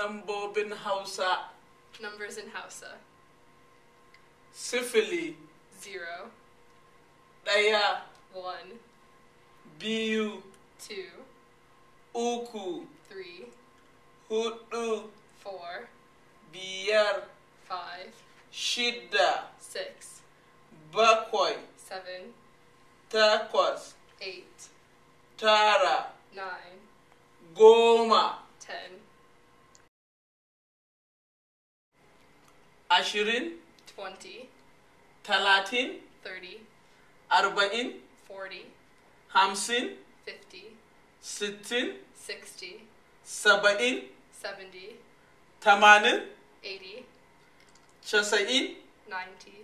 Hausa. Numbers in Hausa. Sifili. Zero. Daya. One. Biyu. Two. Uku. Three. Hutu. Four. Biar. Five. Shida. Six. Bakwai. Seven. Takwas. Eight. Tara. Nine. Goma. ashirin twenty talatin thirty arba'in forty hamsin fifty sittin sixty saba'in seventy tamanin eighty Chasa'in, ninety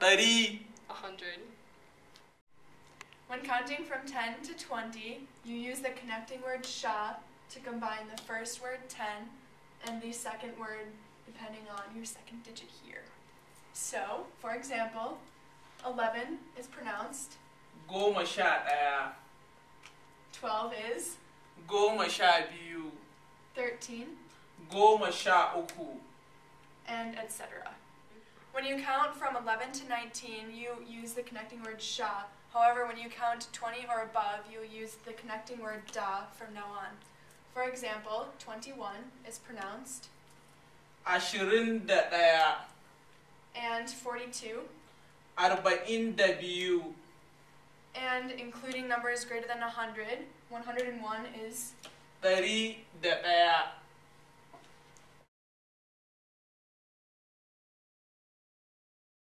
Dari, a hundred when counting from 10 to 20, you use the connecting word sha to combine the first word 10 and the second word depending on your second digit here. So, for example, 11 is pronounced Go sha uh, 12 is Go sha 13 Go sha And etc. When you count from 11 to 19, you use the connecting word sha. However, when you count 20 or above, you will use the connecting word da from now on. For example, 21 is pronounced ashirin da ɗaya and 42 arba'in da biyu and including numbers greater than 100 101 is tari da ɗaya